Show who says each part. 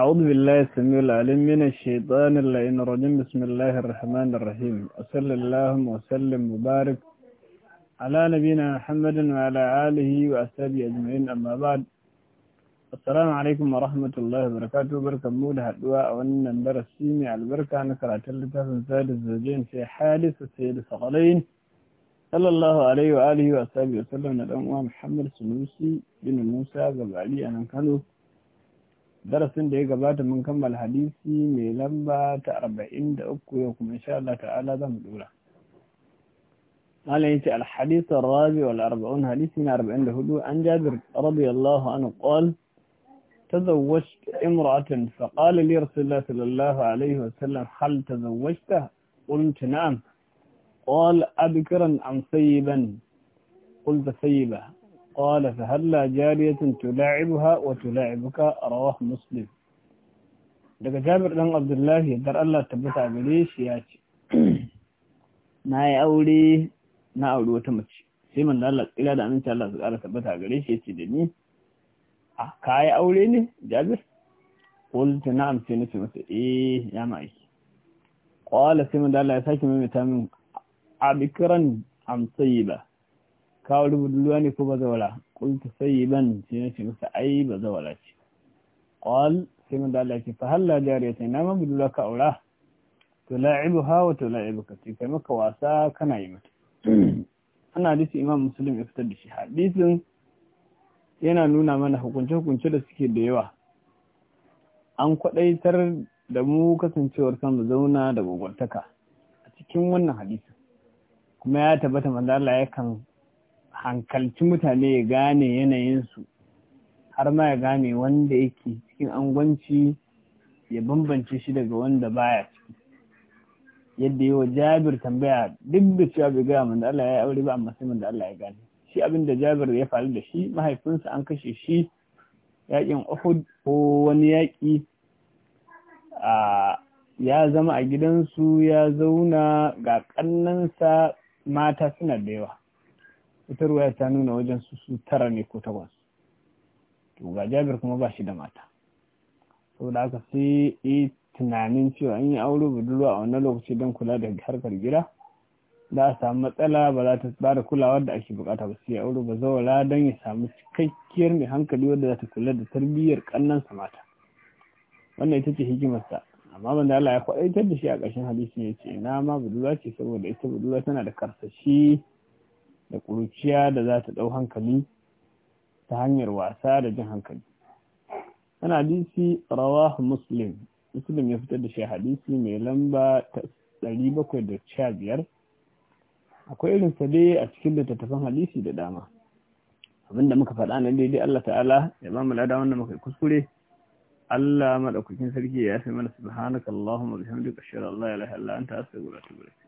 Speaker 1: أعوذ بالله السميع العليم من الشيطان اللعين الرجيم بسم الله الرحمن الرحيم وصل اللهم وسلم مبارك على نبينا محمد وعلى آله وأصحابه أجمعين أما بعد السلام عليكم ورحمة الله وبركاته بركة مودة الدعاء وأن ندرس السيمي على البركة نكرة تلتها سيد الزوجين في حادث السيد الثقلين صلى الله عليه وآله وأصحابه وسلم الأمام محمد سنوسي بن موسى قبل علي أنا كانوا darasin da ya gabata mun kammala hadisi mai lamba ta arba'in da uku yau kuma insha Allah ta'ala za mu dora malam yace al-hadith ar-rabi wal arba'un hadisi na 44 an Jabir radiyallahu anhu qala تزوجت امرأة فقال لي رسول الله صلى الله عليه وسلم هل تزوجته قلت نعم قال أبكرا أم سيبا قلت سيبا قال فهلا جارية تلاعبها وتلاعبك رواه مسلم daga jami'ar ɗan abdullahi dar Allah tabbata a gare shi ya ce na yi aure na aure wata mace sai man da Allah tsira da aminci Allah su ƙara tabbata a gare shi ya ce da ni a ka yi aure ne jabir kulta na amce na ce masa eh ya ma'aiki ƙwala sai man da Allah ya sake maimaita min a bikiran amsayi ba kawo ruwa ne ko bazawara qultu ban sai na shi masa ai bazawara ce qal sai mun da ce fa halla jariyata na ma budura ka aura to wa to ka ce kai maka wasa kana yi mata hmm. ana hadisi imam muslim ya fitar da shi hadisin yana nuna mana hukunce-hukunce da suke da yawa an kwaɗaitar da mu kasancewar kan da zauna da gogwantaka a cikin wannan hadisin kuma ya tabbata manzo Allah kan. hankalci mutane ya gane yanayinsu har ma ya gane wanda yake cikin angwanci ya bambance shi daga wanda baya ciki yadda yi wa jabir tambaya duk da cewa bai gaya da Allah ya aure ba amma sai da Allah ya gane shi abin da jabir ya faru da shi mahaifinsa an kashe shi Yaƙin uhud ko wani yaƙi a ya zama a gidansu ya zauna ga ƙannansa mata suna da yawa ita waya ta nuna wajen su su tara ne ko takwas to ga jabir kuma ba shi da mata saboda haka sai yi tunanin cewa an yi aure budurwa a wannan lokaci don kula da harkar gida za a samu matsala ba za ta bada kulawar da ake bukata ba sai aure ba zaura don ya samu cikakkiyar mai hankali wadda za ta kula da tarbiyyar sa mata wannan ita ce hikimarsa amma manzo Allah ya kwaɗaitar da shi a ƙarshen hadisi ne ce na ma budurwa ce saboda ita budurwa tana da karsashi da ƙuruciya da za ta ɗau hankali ta hanyar wasa da jin hankali ana hadisi rawahu muslim muslim ya fitar da shi hadisi mai lamba ta ɗari bakwai da sha biyar. akwai irin sa dai a cikin littattafan hadisi da dama Abin da muka faɗa na daidai Allah ta'ala ya ba mu lada wanda muka kuskure Allah maɗaukakin sarki ya fi mana subhanakallahumma bihamdika Allah ya la Allah an anta astaghfiruka wa gura ilayk